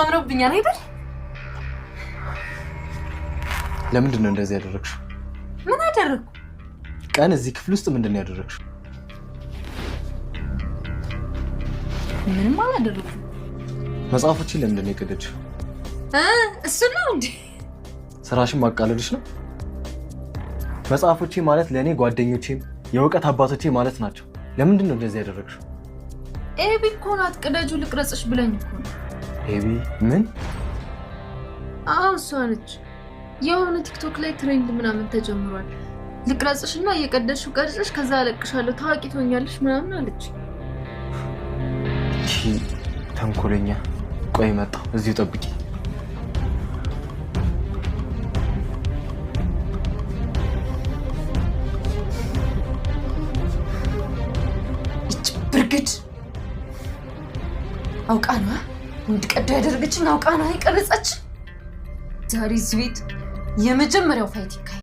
አምሮብኛል አይደል? ለምንድን ነው እንደዚህ ያደረግሽው? ምን አደረግኩ? ቀን እዚህ ክፍል ውስጥ ምንድን ነው ያደረግሽው? ምንም አላደረግኩም። መጽሐፎችን ለምንድን ነው የቀደድሽው? እሱ ነው እንዴ? ስራሽን ማቃለልሽ ነው። መጽሐፎቼ ማለት ለእኔ ጓደኞቼም የእውቀት አባቶቼ ማለት ናቸው። ለምንድን ነው እንደዚህ ያደረግሽው? ኤቢ እኮ ናት ቅደጁ ልቅረጽሽ ብለኝ እኮ ነው ሄቢ ምን? አዎ እሷ ነች። የሆነ ቲክቶክ ላይ ትሬንድ ምናምን ተጀምሯል። ልቅረጽሽ እና እየቀደድሽው ቀርጽሽ ከዛ አለቅሻለሁ ታዋቂ ትሆኛለሽ ምናምን አለች። ተንኮለኛ። ቆይ መጣሁ፣ እዚሁ ጠብቂ። ብርግድ አውቃ ነዋ እንድቀዳ ያደረገችን አውቃ ነው የቀረጸችን። ዛሬ እዚህ የመጀመሪያው ፋይት ይካሄዳል።